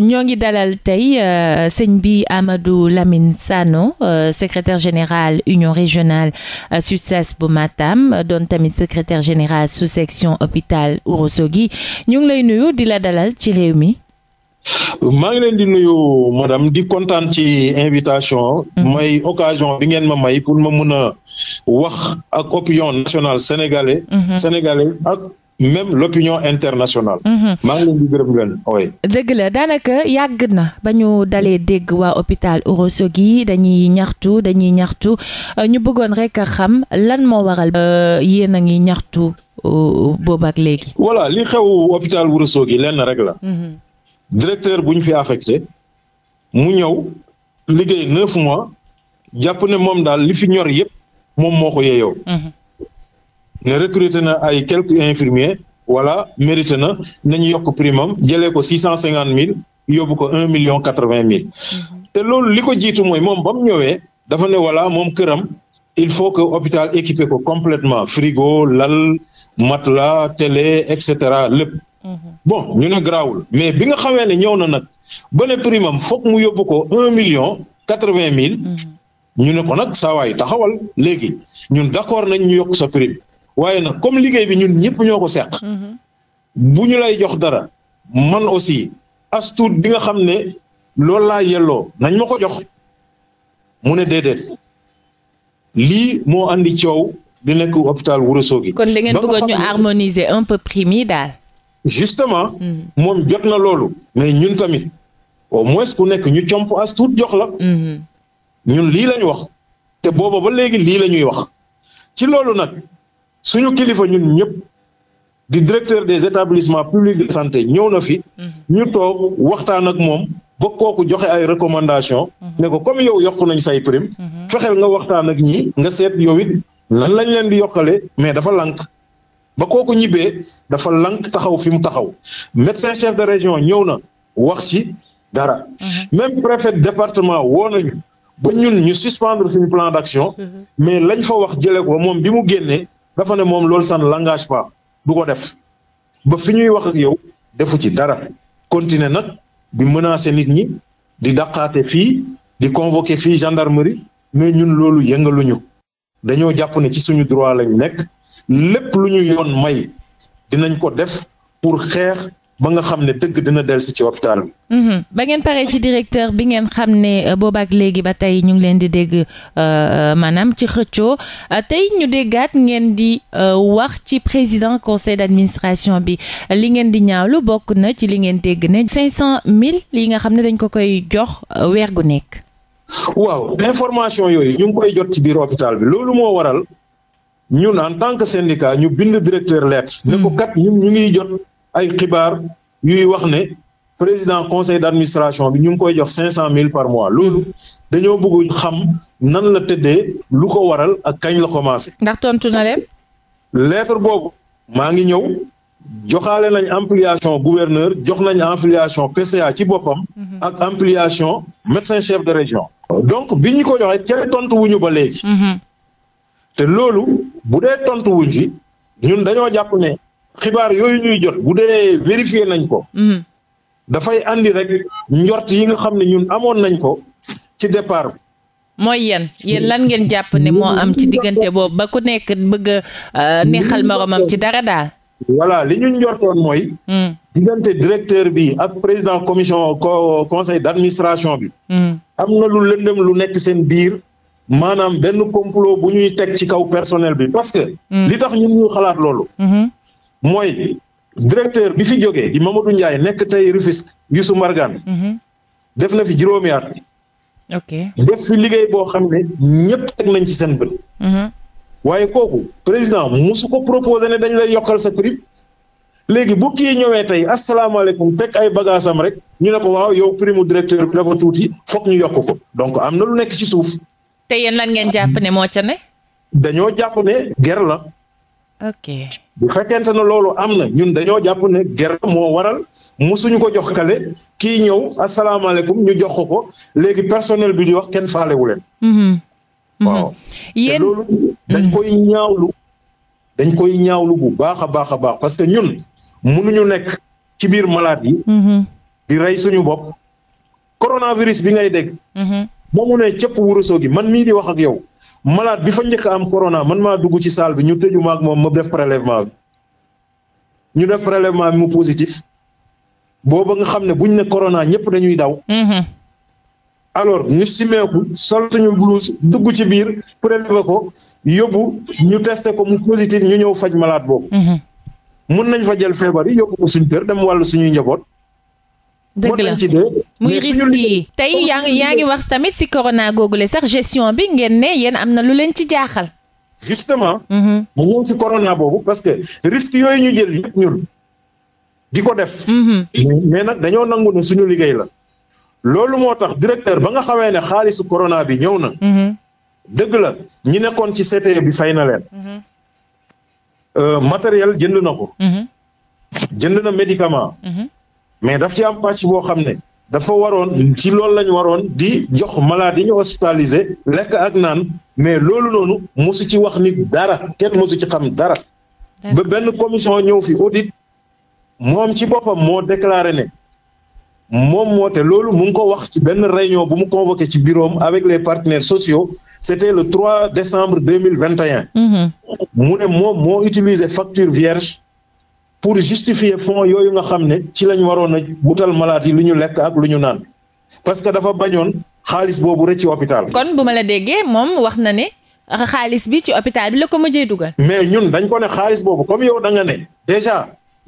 ñoo ngi dalal tey euh, sëñ bi Amadou Lamine Sano euh, secrétaire général union régionale euh, SUTSES bu Matam doon tamit secrétaire général sous section hôpital Ourossogui ñu ngi lay nuyu di la dalal ci réew mi. maa ngi leen di nuyu madame di kontaan ci invitation. Mhm. mooy occasion bi ngeen ma may pour ma mun wax ak opinion nationale sénégalais. Mhm. sénégalais ak même l'opinion internationale. Mhm. maa ngi leen di gërëm leen oui. dëgg la daanaka yàgg na ba ñu dalee dégg waa hôpital Ourossogui dañuy ñaxtu dañuy ñaxtu euh, ñu bëggoon rek a xam lan moo waral euh, yéen a ngi ñaxtu euh, boobu ak léegi. voilà li xew hôpital Ourossogui lenn rek la. Mhm. directeur bu ñu fi affecté mu ñëw liggéey neuf mois jàpp ne moom daal li fi ñor yépp moom moo ko yeyoo. Mhm. ne recruté na ay quelques infirmiers wala mérité na nañu yokk primam jëlee ko six cent cinquante mille yóbbu ko un million quatre vingt mille mm-hmm. te loolu li ko jiitu mooy moom ba mu dafa ne voilà moom këram il faut que hôpital équipé ko complètement frigo lal matelas télé et cetera lépp mm-hmm. bon ñu ne garaawul mais bi nga xamee ne ñëw na nag ba ne primam foog mu yóbbu ko un million quatre vingt mille mm-hmm. ñu ne ko nag saa waay taxawal léegi ñun d'accord nañ ñu yokk sa prime waaye nag comme liggéey bi ñun ñëpp ñoo ko seq. Mhm. bu ñu lay jox dara man aussi as bi nga xam ne loolu laa yelloo nañ ma ko jox mu ne déedéet lii moo andi coow di nekk hôpital Ourossogui. kon da ngeen bëggoon ñu harmoniser un peu prime yi daal. justement. Mhm. moom jot na loolu. mais ñun tamit au moins ku nekk ñu comp as tuut jox la. Mhm. ñun lii lañ wax. te booba ba léegi lii la ñuy wax. ci loolu nag suñu kilifa ñun ñëpp di directeur des établissements publics de santé ñëw na fi. Mhm. ñu toog waxtaan ak moom. ba kooku joxe ay recommandation mhm. ne ko yow yokk nañ say prime mhm. fexeel nga waxtaan ak ñi nga seet yow it lan lañ leen di yokkale mais dafa lank ba kooku ñibbe dafa lank taxaw fi mu taxaw médecin chef de région ñëw na wax ci dara même préfet département woo nañu ba ñun ñu suspendre suñu plan d'action mais lañ fa wax jële ko moom bi mu génnee dafa ne moom loolu ça ne l'engage du ko def ba fi ñuy wax ak yow defu ci dara continuer nag di menacer nit ñi di daqaate fii di convoquer fii gendarmerie mais ñun loolu yëngaluñu dañoo jàpp ne ci suñu droit lañ nekk lépp lu ñu yoon may dinañ ko def pour xeex ba nga xam ne dëgg dina dellu si ci hôpital bi. Mhm. ba ngeen paree ci directeur bi ngeen xam ne euh, boobaak léegi ba tey ñu ngi leen di dégg euh, euh, maanaam ci xëccoo tey ñu déggaat ngeen di wax ci président conseil d'administration bi li ngeen di ñaawlu bokk na ci li ngeen dégg ne cinq cent mille yi nga xam ne dañ ko koy jox weer gu nekk. waaw information yooyu ñu ngi koy jot ci biir hôpital bi loolu moo waral ñun en tant que syndicat ñu bind directeur lettre. ne ko mhm. kat ay xibaar yuy wax ne président conseil d'administration bi ñu ngi koy jox cinq cent mille par mois loolu dañoo bëgg xam nan la tëddee lu ko waral ak kañ la commencé. ndax tontu na leen. lettre boobu maa ngi ñëw joxaale nañ ampliation gouverneur jox nañ ampliation PCA ci boppam. Mhm. ak ampliation médecin chef de région. donc bi ñu ko joxee kenn tontu wuñu ba léegi. Mhm. te loolu bu tontu wuñ ci ñun dañoo jàpp ne xibaar yooyu ñuy jot bu dee vérifié nañ ko. Mm-hmm. dafay andi rek njort yi nga xam ne ñun amoon nañ ko ci départ bi. mooy yéen yéen lan ngeen jàpp ni moo am ci diggante boobu ba ku nekk bëgg a euh, neexal moromam ci dara daal. li ñu njortoon mooy. Mm. diggante directeur bi ak président commission conseil d'administration bi. Mm. am na lu lëndëm lu nekk seen biir maanaam benn complot bu ñuy teg ci kaw personnel bi parce que. Mm. li tax ñun ñu xalaat loolu. Mm-hmm. mooy directeur bi fi jógee di Mamadou njaay nekk tey Rufisque Youssou Mbargane mhm. def na fi juróomi at. ok def fi liggéey boo xam ne ñëpp teg nañ ci seen bët. Mhm. waaye kooku président mosu ko proposé ne dañ lay yokkal sa prix. léegi bu kii ñëwee tey asalaamaaleykum teg ay bagages rek ñu ne ko waaw yow prix mu directeur bi dafa tuuti foog ñu yokk ko donc am na lu nekk ci suuf. te yéen lan ngeen jàpp ne moo ca ne. dañoo jàpp ne ger la. ok bu fekkente ne loolu am na ñun dañoo jàpp ne guerre moo waral musuñu ko jox kale kii ñëw asalaamaaleykum ñu jox ko ko léegi personnel bi di wax kenn faalewu leen. Mhm. Mhm. waaw loolu dañ koy mhm. ñaawlu dañ koy ñaawlu bu baax a baax a baax parce que ñun mënuñu nekk ci biir malade yi. di rey suñu bopp coronavirus bi ngay dégg. ba mu ne cëpp wurusoo gi man mii di wax ak yow malaat bi fa njëkk am corona man maa dugg ci saal bi ñu tëju ma ak moom ma def prélèvement bi ñu mu positif boobu nga xam ne buñ ne corona ñëpp dañuy daw. Mhm. alors ñu simeeku sol suñu dugg ci biir prélevé ko yóbbu ñu testé ko mu positif ñu ñëw faj malaat boobu. Mhm. mun nañ fa jël feebar yi yóbbu ko suñu kër dem wàllu suñuy njaboot. dëgg la ci dee muy risque yi tey yaa ngi yaa ngi wax tamit si corona le sax gestion bi ngeen ne yéen am na lu leen ci jaaxal justement mhm. mu ñëw si corona boobu parce que risque yooyu ñu jël yëpp ñun di ko def mhm. mais nag dañoo nangu ne suñu liggéey la loolu moo tax directeur ba nga xawee ne xaalisu corona bi ñëw na mhm. dëgg la ñi nekkoon ci CTE bi fay na leen euh, matériel jënd na ko jënd na médicament mais daf ci am pàcc boo xam ne dafa waroon ci loolu lañu waroon di jox malade yi ñu hospitalisé lekk ak naan mais loolu noonu mosu ci wax nit dara kenn mosu ci xam dara. ba benn commission ñëw fi audit moom ci boppam moo déclaré ne moom moo te loolu mu ngi ko wax ci benn réunion bu mu convoqué ci bureau avec les partenaires sociaux c'était le 3 décembre 2021. Mm-hmm. mu ne moom moo utiliser facture vierge pour justifier fonds yooyu nga xam ne ci lañ waroon a wutal malaat yi lu ñu lekk ak lu ñu naan parce que dafa bañoon xaalis boobu rek ci hôpital kon bu ma la déggee moom wax na ne xaalis bi ci hôpital bi la ko mujjee dugal. mais ñun dañ ko ne xaalis boobu comme yow danga ne déjà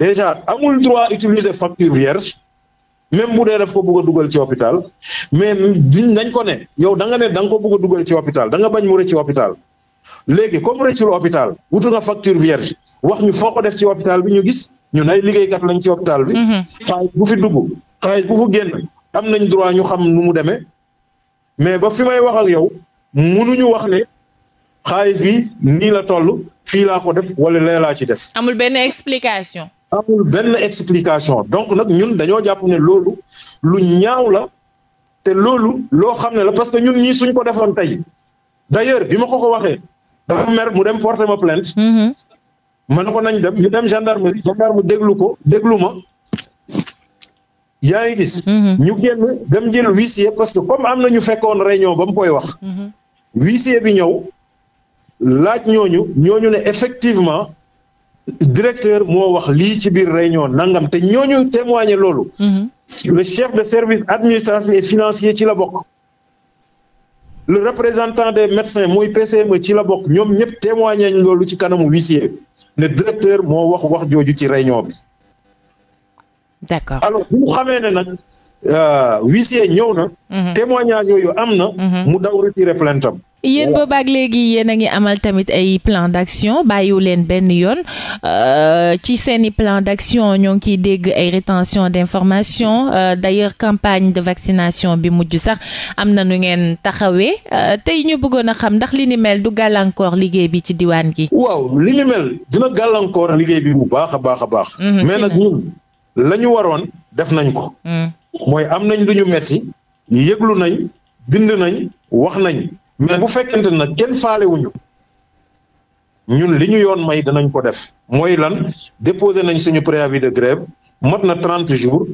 déjà amul droit utiliser facture vierge même bu dee daf ko bëgg dugal ci hôpital mais duñ dañ ko ne yow da nga ne da nga ko bëgg a dugal ci hôpital da nga bañ mu rek ci hôpital léegi comme rëccul hôpital wutu nga facture vierge wax ñu foo ko def ci hôpital bi ñu gis ñun liggéey kat lañ ci hôpital bi. Mm-hmm. xaalis bu fi dugg xaalis bu fu génn am nañ droit ñu xam nu mu demee mais ba fi may wax ak yow ñu wax ne xaalis bi nii la toll fii laa ko def wala lee laa ci def. amul benn explication. amul benn explication donc nag ñun dañoo jàpp ne loolu lu ñaaw la te loolu loo xam ne la parce que ñun ñii suñ ko defoon tey d'ailleurs bi ma ko ko waxee. dafa mer mu dem porter ma plainte. Mm-hmm. ma ne ko nañ dem ñu dem gendarmerie gendarme déglu ko déglu ma. yaa ngi gis. Mm-hmm. ñu génn dem jël huissier parce que comme am na ñu fekkoon réunion ba mu koy wax. Mm-hmm. huissier bi ñëw laaj ñooñu ñooñu ne effectivement directeur moo wax lii ci biir réunion nangam te ñooñu témoigner loolu. le chef de service administratif et financier ci la bokk. le représentant des médecins muy PCM ci la bokk ñoom ñëpp témoigné ñu loolu ci kanamu huissier ne directeur moo wax wax jooju ci réunion bi. d'accord alors bu xamee ne nag euh, huissier ñëw na. Mhm. témoignage yooyu am na. Mhm. mu daw retiré plainte yéen boobaak léegi yéen a ngi amal tamit ay plan d'action bàyyiwu leen benn yoon euh, ci seeni plan d'action ñoo ngi ciy dégg ay rétention d'information euh, d'ailleurs campagne de vaccination bi mujj sax am na nu ngeen taxawee euh, tey ñu bëggoon a xam ndax li ni du gàllankoor liggéey bi ci diwaan gi. waaw li ni mel dina gàllankoor liggéey bi bu baax a baax a baax. Mm-hmm. mais nag ñun la ñu waroon def nañ ko. Mm. mooy am nañ lu ñu metti yëglu nañ bind nañ wax nañ. mais bu fekkente ne nag kenn faalewuñu ñun li ñu yoon may danañ ko def mooy lan déposé nañ suñu préavis de grève mat na trente jours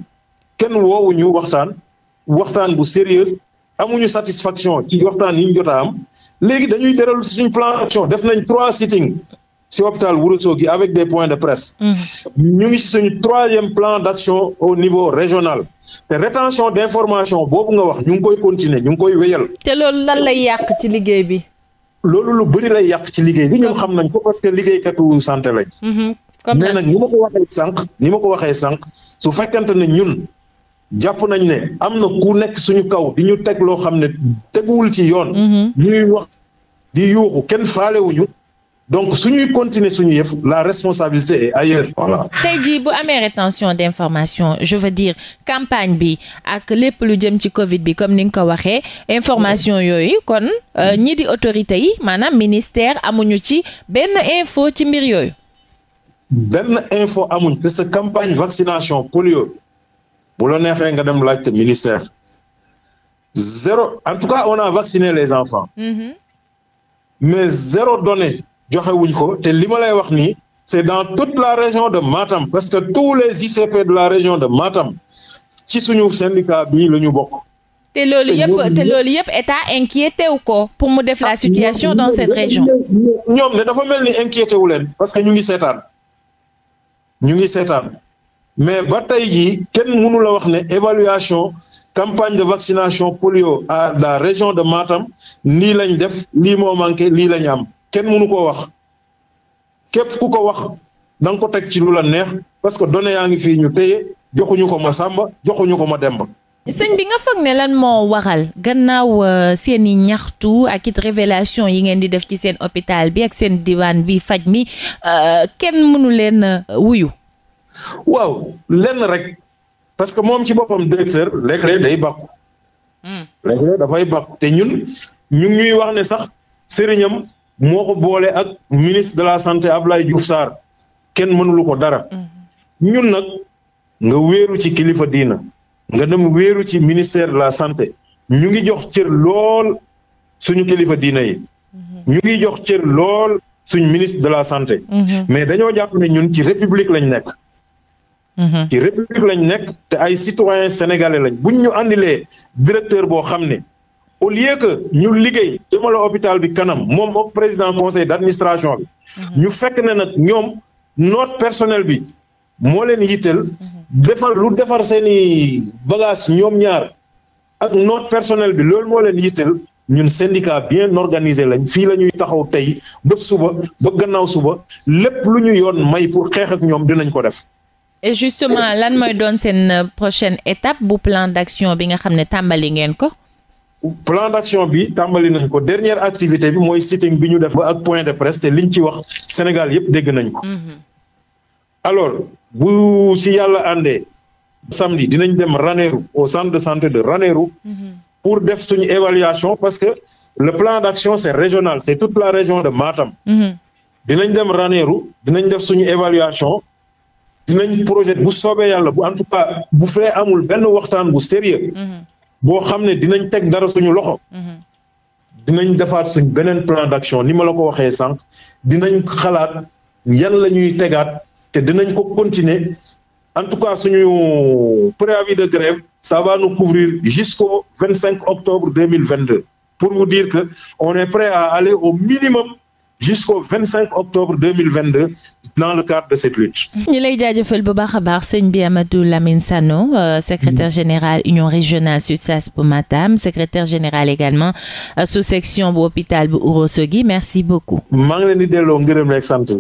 kenn woowuñu waxtaan waxtaan bu sérieux amuñu satisfaction ci waxtaan yi ñu jot a am léegi dañuy deralu suñu plan action def nañ trois sitting si hôpital Ourossogui avec des points de presse. Mm. ñu ngi suñu troisième plan d' action au niveau régional. te rétention d' information boobu nga wax ñu ngi koy continuer ñu ngi koy wéyal. te loolu lan lay yàq ci liggéey bi. loolu lu bëri lay yàq ci liggéey bi ñun xam nañ ko parce que liggéeykatu santé lañ. Mm-hmm. comme mais nag ma ko waxee sànq ni ma ko waxee sànq su fekkante ne ñun. jàpp nañ ne am na ku nekk suñu kaw di ñu teg loo xam ne teguwul ci yoon. Mm-hmm. ñuy wax di yuuxu kenn faalewuñu donc suñuy continuer suñu yëf la responsabilité est ailleurs voilà. tey jii bu amee rétention d'information je veux dire campagne bi ak lépp lu jëm ci Covid bi comme ni nga ko waxee information yooyu kon euh, mm-hmm. ñi di autorité yi maanaam ministère amuñu ci benn info ci mbir yooyu. benn info amuñ parce que campagne vaccination polio bu la neexee nga dem laajte ministère zéro en tout cas on a vacciné les enfants. Mm-hmm. mais zéro donnée joxewuñ ko te li ma lay wax nii c'est dans toute la région de maatam parce que tous les ICP de la région de Matam ci suñu syndicat bi la ñu bokk. te loolu yëpp te loolu yëpp état ko pour mu def la ah, situation dans cette région. ñoom ne dafa mel ni inquiété wu leen parce que ñu ngi seetaan ñu ngi seetaan mais ba tey jii kenn mënu la wax ne évaluation campagne de vaccination polio à la région de maatam nii lañ def lii moo manqué lii lañ am. kenn mënu koo wax képp ku ko wax da nga ko teg ci lu la neex parce que données yaa ngi fii ñu téye joxuñu ko ma sàmba joxuñu ko ma demba sëñ bi nga foog ne lan moo waral gannaaw euh, seen i ñaxtu ak it révélation yi ngeen di def ci seen hôpital bi ak seen diwaan bi faj mi euh, kenn mënu leen euh, wuyu waaw lenn rek parce que moom ci boppam directeur léeg-léeg day bàkku hmm. léeg dafay bàkku te ñun ñu ñuy wax ne sax sëriñam moo ko boole ak ministre de la santé Abdoulaye Diouf saar kenn mënulu ko dara mm-hmm. ñun nag nga wéeru ci kilifa diina nga dem wéeru ci ministère de la santé ñu ngi jox cër lool suñu kilifa diina yi mm-hmm. ñu ngi jox cër lool suñ ministre de la santé mm-hmm. mais dañoo jàpp ne ñun ci république lañ nekk ci république lañ nekk te ay citoyens sénégalais lañ buñ ñu àndilee directeur boo xam ne au lieu que ñu liggéey jëmale hôpital bi kanam moom ak président conseil d'administration bi. Mhm. ñu fekk ne nag ñoom notre personnel bi moo leen yitteel. Mhm. defar lu defar seen i ñoom ñaar ak notre personnel bi loolu moo leen yitteel. ñun syndicat bien organisé lañ fii la ñuy taxaw tey ba suba ba gannaaw suba lépp lu ñu yoon may pour xeex ak ñoom dinañ ko def. et justement lan mooy doon seen prochaine étape bu plan d'action bi nga xam ne tàmbali ngeen ko. plan d'action bi tàmbali nañ ko dernière activité bi mooy sitting bi ñu def ba ak point de presse te liñ ci wax Sénégal yëpp dégg nañ ko. Mhm. alors bu si yàlla àndee samedi dinañ dem Ranérou au centre de santé de Ranérou. Mhm. pour def suñu évaluation parce que le plan d'action c'est régional c'est tout la région de Matam. Mhm. dinañ dem Ranérou dinañ def suñu évaluation. dinañ projet bu soobee yàlla bu en tout cas bu fee amul benn waxtaan bu sérieux boo xam ne dinañ teg dara suñu loxo. Mhm. dinañ defaat suñ beneen plan d'action ni ma la ko waxee sànq dinañ xalaat yan la ñuy tegaat te dinañ ko continuer en tout cas suñu préavis de grève sa va nous couvrir jusqu'au vingt cinq octobre deux mille vingt deux pour vous dire que on est prêt à aller au minimum jusqu'au 25 octobre de cette lay jaajëfal bu baax a baax sëñ bi Amadou Lamine Sano euh, secrétaire général union régionale SUTSAS bu Matam secrétaire général également euh, sous section bu hôpital bu Ourossogui merci beaucoup. maa bi.